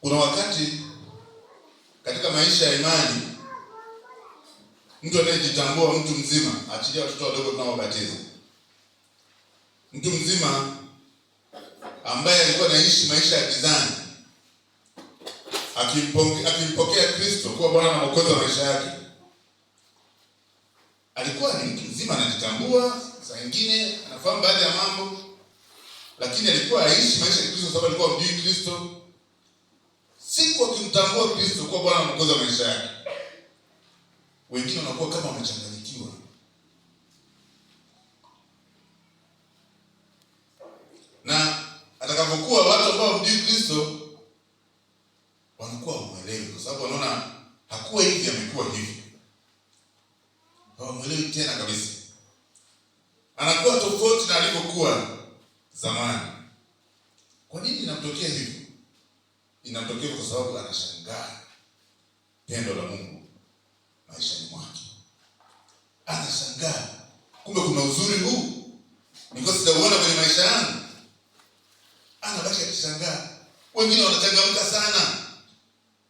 Kuna wakati katika maisha ya imani mtu anayejitambua mtu mzima, achilia watoto wadogo tunaowabatiza, mtu mzima ambaye alikuwa anaishi maisha ya kizani akimpokea Kristo kuwa Bwana na Mwokozi wa maisha yake, alikuwa ni mtu mzima, anajitambua, saa nyingine anafahamu baadhi ya mambo, lakini alikuwa aishi maisha ya Kristo sababu alikuwa mjui Kristo siku akimtambua Kristo kuwa Bwana Mwokozi wa maisha yake, wengine wanakuwa kama wamechanganyikiwa. Na atakapokuwa watu ambao wamjui Kristo wanakuwa hawamwelewi, kwa sababu wanaona hakuwa hivi, amekuwa hivi, hawamwelewi tena kabisa, anakuwa tofauti na alivyokuwa zamani. Kwa nini inamtokea hivi? inatokea kwa sababu anashangaa tendo la Mungu maishani mwake, anashangaa kumbe kuna uzuri huu nilikuwa sijauona kwenye maisha yangu. Anabaki akishangaa. Wengine wanachangamka sana,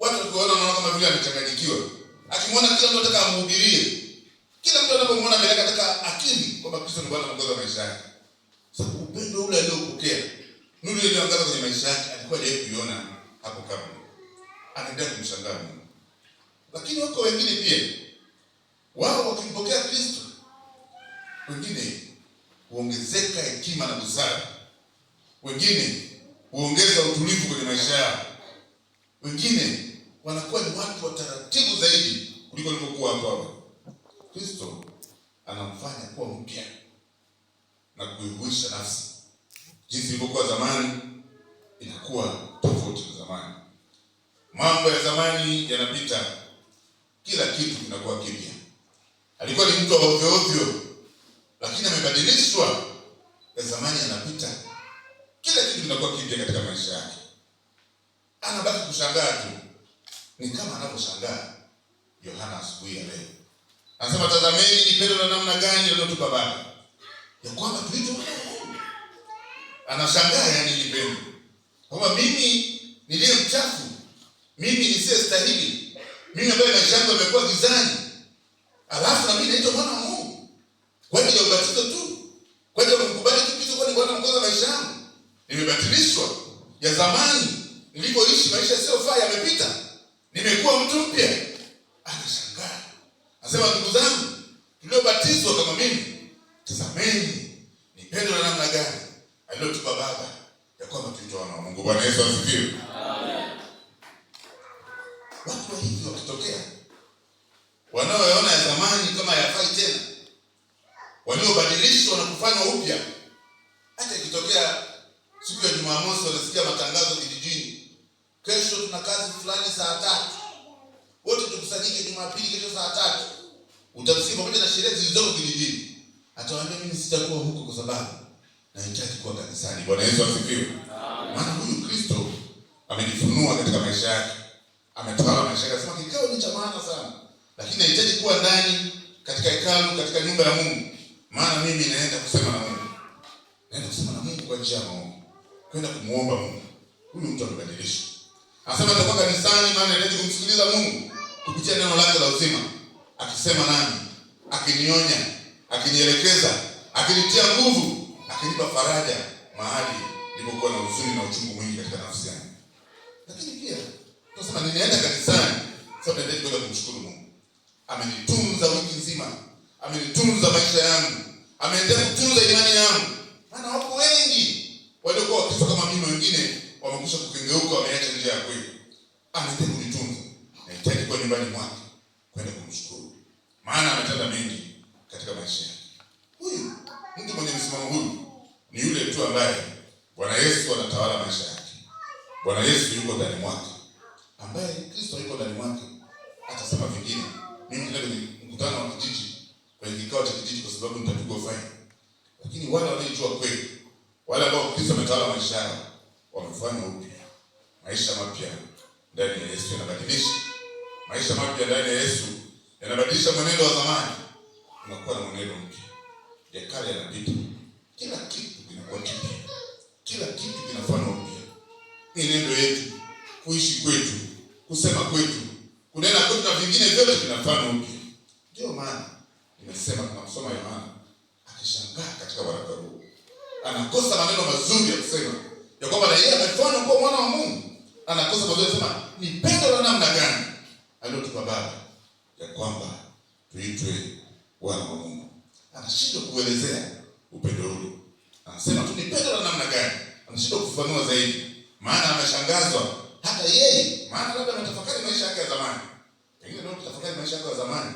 watu wakiwaona wanaona kama vile amechanganyikiwa, akimwona kila mtu anataka amhubirie, kila mtu anapomwona mbele anataka akili kwamba Kristo ni Bwana Mwokozi wa maisha yake, sababu upendo ule aliopokea nuru ile iliyoangaza kwenye maisha yake alikuwa hajai kuiona hapo kabla, anaendelea kumshangaa Mungu. Lakini wako wengine pia, wao wakimpokea Kristo, wengine huongezeka hekima na busara, wengine huongeza utulivu kwenye maisha yao, wengine wanakuwa ni watu wa taratibu zaidi kuliko walivyokuwa hapo awali. Kristo anamfanya kuwa mpya na kuihuisha nafsi jinsi ilivyokuwa zamani inakuwa tofauti na zamani. Mambo ya zamani yanapita, kila kitu kinakuwa kipya. Alikuwa ni mtu wa ovyo ovyo, lakini amebadilishwa. Ya zamani yanapita, kila kitu kinakuwa kipya katika maisha yake. Anabaki kushangaa tu, ni kama anavyoshangaa Yohana asubuhi ya leo. Anasema, tazameni ni pendo la namna gani alilotupa Baba ya kwamba tuitwe wana Anashangaa, yani ni pendo kwamba mimi niliye mchafu, mimi nisiye stahili, mimi ambaye maisha yangu yamekuwa gizani, alafu nami naitwa mwana wa Mungu kwa ajili ya ubatizo tu, kwa ajili ya kukubali kwani Bwana mkoza maisha yangu. Nimebatilishwa ya zamani nilipoishi maisha yasiyofaa yamepita, nimekuwa mtu mpya. wanaoyaona ya zamani kama yafai tena, waliobadilishwa na kufanywa upya. Hata ikitokea siku ya Jumamosi wanasikia matangazo kijijini, kesho tuna kazi fulani saa tatu, wote tukusanyike Jumapili kesho saa tatu. Utamsikia pamoja na sherehe zilizoko kijijini, atawaambia mimi sitakuwa huko kwa sababu nahitaji kuwa kanisani. Bwana Yesu asifiwe. Maana huyu Kristo amejifunua katika maisha yake, ametawala maisha yake, asema kikao ni cha maana sana lakini nahitaji kuwa ndani katika hekalu, katika nyumba ya Mungu, maana mimi naenda kusema na Mungu, naenda kusema na Mungu kwa njia ya maombi, kwenda kumwomba Mungu. Huyu mtu amebadilishwa, anasema nitakuwa kanisani, maana nahitaji kumsikiliza Mungu kupitia neno lake la uzima, akisema nani, akinionya, akinielekeza, akinitia nguvu, akinipa faraja mahali nilipokuwa na huzuni na uchungu mwingi katika nafsi yangu. Lakini pia tunasema ninaenda kanisani sababu nahitaji kwenda kumshukuru Mungu amenitunza wiki nzima, amenitunza maisha yangu, ameendelea kutunza imani yangu. Maana wako wengi waliokuwa wakifa kama mimi, wengine wamekusha kukengeuka, wameacha njia ya kweli. Ameendelea kunitunza, nahitaji kuwa nyumbani mwake kwenda kumshukuru, maana ametenda mengi katika maisha yake. Huyu mtu mwenye msimamo huyu ni yule tu ambaye Bwana Yesu anatawala maisha yake, Bwana Yesu yuko ndani mwake. maisha mapya ndani ya Yesu yanabadilisha mwenendo wa zamani, unakuwa na mwenendo mpya. Ya kale yanapita, kila kitu kinakuwa kipya, kila kitu kinafanywa upya. Mwenendo yetu, kuishi kwetu, kusema kwetu, kunena kwetu na vingine vyote vinafanywa upya. Ndio maana nimesema, tunamsoma Yohana akishangaa katika waraka huu, anakosa maneno mazuri ya kusema ya kwamba na yeye amefanywa kuwa mwana wa Mungu. Anakosa mazuri ya kusema ni pendo la namna gani aliyotupa Baba ya kwamba tuitwe wana wa Mungu. Anashindwa kuelezea upendo ule, anasema tu ni pendo la namna gani? Anashindwa kufafanua zaidi, maana ameshangazwa hata yeye, maana labda anatafakari maisha yake ya zamani. Pengine ndio kutafakari maisha yake ya zamani,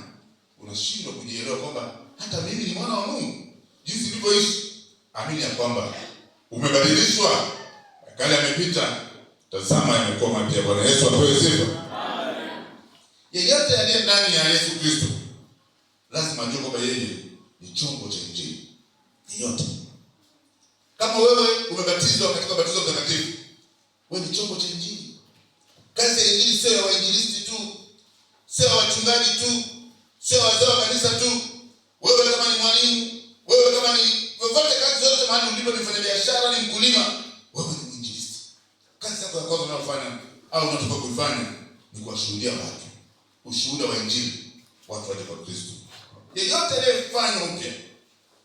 unashindwa kujielewa kwamba hata mimi ni mwana wa Mungu jinsi nilivyoishi. Amini ya kwamba umebadilishwa, kale amepita, tazama yamekuwa mapya. Bwana Yesu apewe sifa. Yeyote aliye ndani ya Yesu Kristo lazima ajue kwamba yeye ni chombo cha injili. Yeyote kama wewe umebatizwa katika ubatizo mtakatifu, wewe ni chombo cha injili. Kazi ya injili sio ya wainjilisti tu, sio ya wachungaji tu, sio ya wazee wa kanisa tu. Wewe kama ni mwalimu, wewe kama ni vyovyote, kazi zote mahali ulipo, ni mfanya biashara, ni mkulima, wewe ni mwinjilisti. Kazi yako ya kwanza unayofanya au unatoka kuifanya ni kuwashuhudia watu ushuhuda wa Injili watu waje kwa Kristo. Yeyote aliyefanywa upya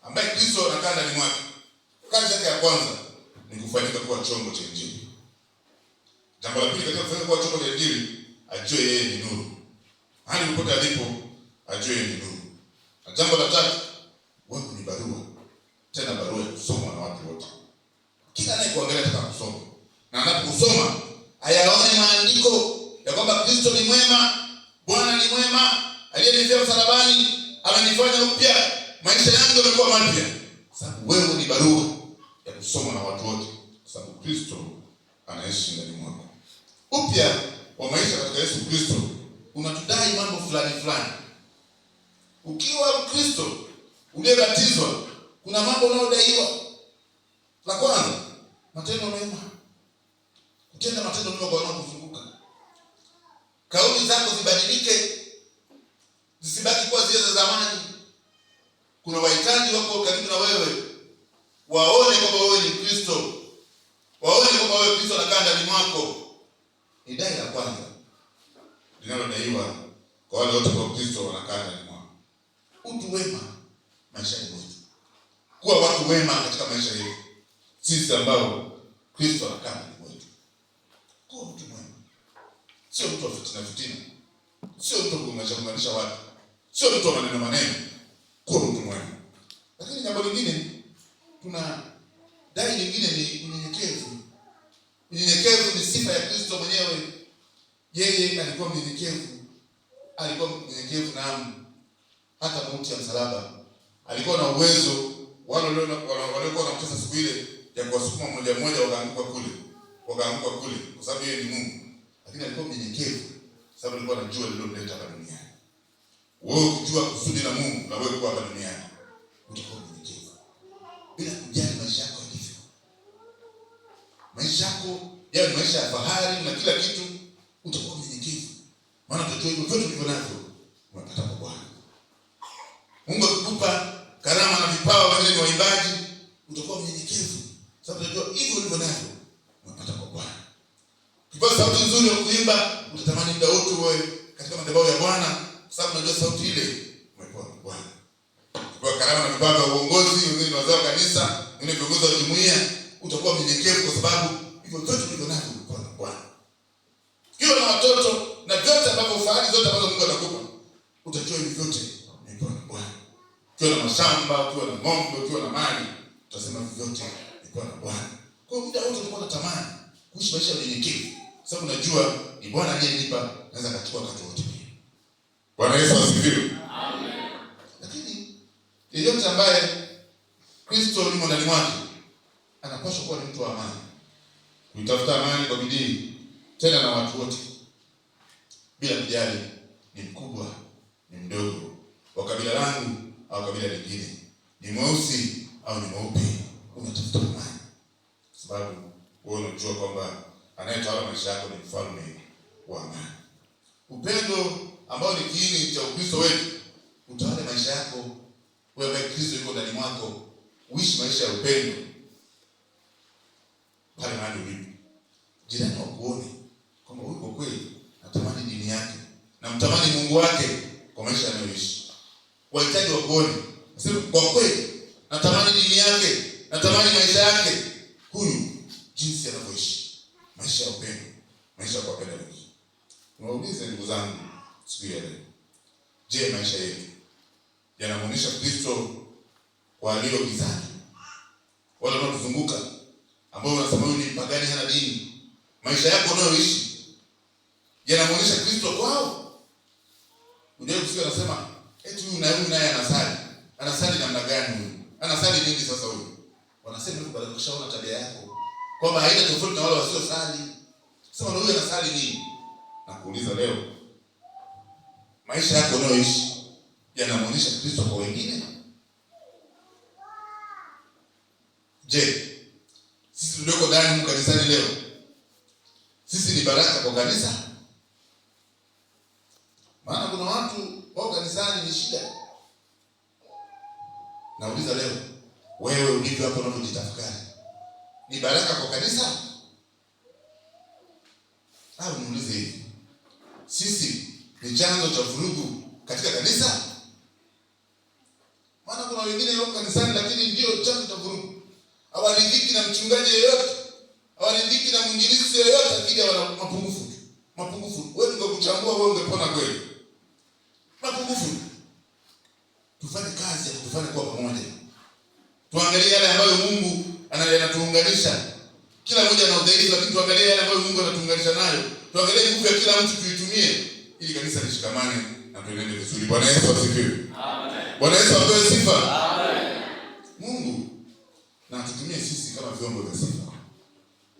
ambaye Kristo anakaa ndani mwake, kazi yake ya kwanza ni kufanyika kuwa chombo cha Injili. Jambo la pili katika kufanyika kuwa chombo cha Injili, ajue yeye ni nuru, hani popote alipo ajue yeye ni nuru. Na jambo la tatu, wewe ni barua, tena barua ya kusoma na watu wote. Kila anayekuangalia anataka kusoma, na anapokusoma ayaone maandiko ya kwamba Kristo ni mwema Bwana ni mwema, aliyenifia msalabani, ananifanya upya, maisha yangu yamekuwa mapya. Sababu wewe ni barua ya kusoma na watu wote, sababu Kristo anaishi ndani mwako. Upya wa maisha katika Yesu Kristo unatudai mambo fulani fulani. Ukiwa Mkristo uliyebatizwa, kuna mambo unayodaiwa. La kwanza, matendo mema, kutenda matendo mema kwa wanaokuzunguka Kauli zako zibadilike, zisibaki kuwa zile za zamani. Kuna wahitaji wako karibu na wewe, waone kwamba wewe ni Kristo, waone kwamba wewe Kristo anakaa ndani mwako. Ni dai la kwanza linalodaiwa kwa wale wote kwa Kristo wanakaa ndani mwako, utu wema maisha mwetu, kuwa watu wema katika maisha yetu sisi ambao Kristo anakaa ndani mwetu sio mtu wa fitina fitina, sio mtu kuunganisha kuunganisha watu, sio mtu wa maneno maneno, kuwa mtu mwema. Lakini jambo lingine, kuna dai nyingine ni unyenyekevu. Unyenyekevu ni sifa ya Kristo mwenyewe. Yeye alikuwa mnyenyekevu, alikuwa mnyenyekevu amu, hata mauti ya msalaba. Alikuwa na uwezo wale waliokuwa wanamtesa siku ile ya kuwasukuma mmoja mmoja, wakaanguka kule, wakaanguka kule, kwa sababu yeye ni Mungu lakini alikuwa mnyenyekevu, sababu alikuwa anajua lililomleta hapa duniani. Wewe ukijua kusudi la Mungu na wewe kuwa hapa duniani, utakuwa mnyenyekevu bila kujali maisha yako yalivyo. Maisha yako yawe yaani maisha ya fahari na kila kitu, utakuwa mnyenyekevu, maana utatoa hivyo vyote ulivyo navyo sauti nzuri ya kuimba, utatamani muda wote wewe katika madhabahu ya Bwana, kwa sababu unajua sauti ile umekuwa na Bwana. Kwa karama na vipaji vya uongozi, wengine ni wazao wa kanisa, wengine viongozi wa jumuiya, utakuwa mnyenyekevu kwa sababu hivyo vyote ndivyo navyo umekuwa na Bwana. Kiwa na watoto na vyote ambavyo fahari zote ambazo Mungu anakupa, utajua hivi vyote umekuwa na Bwana. Kiwa na mashamba, kiwa na ng'ombe, kiwa na mali, utasema hivi vyote umekuwa na Bwana. Kwa muda wote ulikuwa unatamani kuishi maisha ya unyenyekevu kwa sababu najua ni Bwana aliyenipa, naweza kachukua wakati wote. pia. Bwana Yesu asifiwe. Amen. Lakini yeyote ambaye Kristo yumo ndani mwake anapaswa kuwa ni mtu wa amani, kuitafuta amani kwa bidii, tena na watu wote bila kujali ni mkubwa ni mdogo, wa kabila langu au kabila lingine, ni mweusi au ni mweupe, unatafuta amani kwa sababu wewe unajua kwamba anayetawala maisha yako ni mfalme wa amani. Upendo ambao ni kiini cha Ukristo wetu utawale maisha yako wewe, ambaye Kristo yuko ndani mwako, uishi maisha ya upendo pale mahali ulipo. Jirani wakuone kwamba uko kweli, natamani dini yake na mtamani Mungu wake kwa maisha yanayoishi. Wahitaji wakuone nasema kwa kweli, natamani dini yake, natamani maisha yake, huyu jinsi anavyoishi maisha ya upendo, maisha ya kuwapenda wengine. Niwaulize ndugu zangu siku ya leo, je, maisha yetu yanamuonyesha Kristo kwa walio gizani, wale wanaotuzunguka ambao wanasema huyu ni mpagani, hana dini? Maisha yako unayoishi yanamuonyesha Kristo kwao? Unajua anasema eti huyu na huyu naye anasali, anasali namna gani? Huyu anasali nini? Sasa huyu wanasema, kushaona tabia yako kwamba haina tofauti na wale wasiosali. Sasa huyu anasali nini? Nakuuliza leo, maisha yako unayoishi yanamwonyesha Kristo kwa wengine? Je, sisi tulioko ndani kanisani leo, sisi ni baraka kwa kanisa? Maana kuna watu wao kanisani ni shida. Nauliza leo, wewe ulivyo hapo unavyojitafakari ni baraka kwa kanisa au? Ah, Niulize hivi, sisi ni chanzo cha vurugu katika kanisa? Maana kuna wengine wako kanisani, lakini ndio chanzo cha vurugu. Hawaridhiki na mchungaji yeyote, hawaridhiki na mwingilizi yeyote, lakini wana mapungufu. Mapungufu wewe ungekuchambua wewe ungepona kweli? Mapungufu tufanye kazi ya kutufanya kuwa pamoja, tuangalie yale ambayo Mungu anayenatuunganisha kila mmoja na udhaifu, lakini tuangalie yale ambayo Mungu anatuunganisha nayo, tuangalie nguvu ya kila mtu tuitumie, ili kanisa lishikamane na tuende vizuri. Bwana Yesu asifiwe. Amen. Bwana Yesu apewe sifa. Amen. Mungu na tutumie sisi kama vyombo vya sifa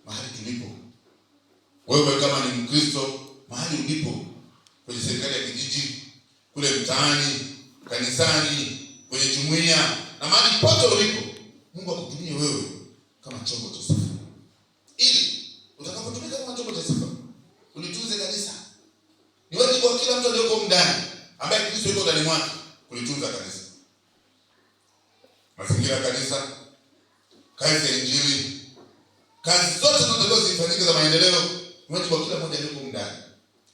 mahali tulipo. Wewe kama ni Mkristo mahali ulipo, kwenye serikali ya kijiji, kule mtaani, kanisani, kwenye jumuiya na mahali pote ulipo, Mungu akutumie wewe chombo cha sifa, ili utakapotumika kama chombo cha sifa ulitunze kabisa. Ni wajibu wa kila mtu aliyoko ndani ambaye Kristo yuko ndani mwake kulitunza kanisa, mazingira ya kanisa, kazi ya Injili, kazi zote zinatakiwa zifanyike za maendeleo. Ni wajibu wa kila mmoja aliyoko ndani,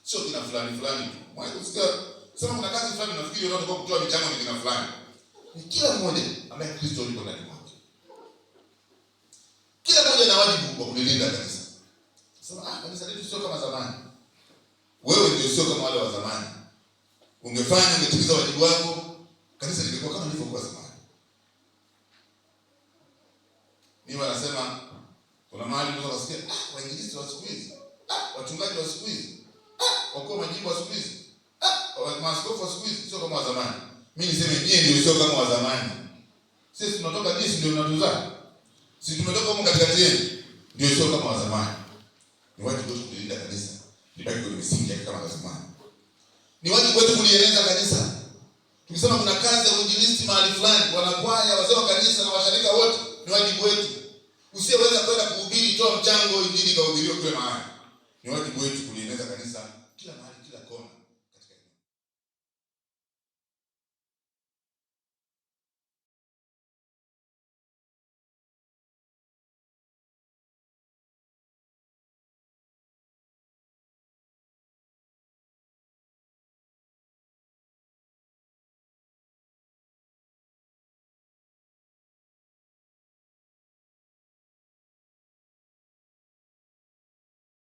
sio kina fulani fulani tu. Mwanzo usikia sema kuna kazi fulani, nafikiri unatakiwa kutoa michango ni kina fulani. Ni kila mmoja ambaye Kristo yuko ndani kwa kulilinda kanisa. Sasa ah, kanisa letu sio kama zamani. Wewe ndio sio kama wale wa zamani. Ungefanya ungetimiza wajibu wako, kanisa lingekuwa kama lilivyokuwa zamani. Mimi wanasema kuna mahali mtu anasikia ah, wainjilisti wa siku hizi, ah, wachungaji wa siku hizi, ah, wako majibu wa siku hizi, ah, maaskofu wa siku hizi sio kama wa zamani. Mimi niseme nyie ndio sio kama wa zamani. Sisi tunatoka jinsi ndio tunatuzaa. Sisi tumetoka huko katikati yetu. Ndio, sio kama wa zamani. Ni wajibu wetu kulinda kanisa, libaki kwenye misingi yake kama zamani. Ni wajibu wetu kulieleza kanisa. Tukisema kuna kazi ya uinjilisti mahali fulani, wanakwaya, wazee wa kanisa na washirika wote, ni wajibu wetu. Usiyeweza kwenda kuhubiri, toa mchango, injili kahubiriwe kule mahali. Ni wajibu wetu kulieleza kanisa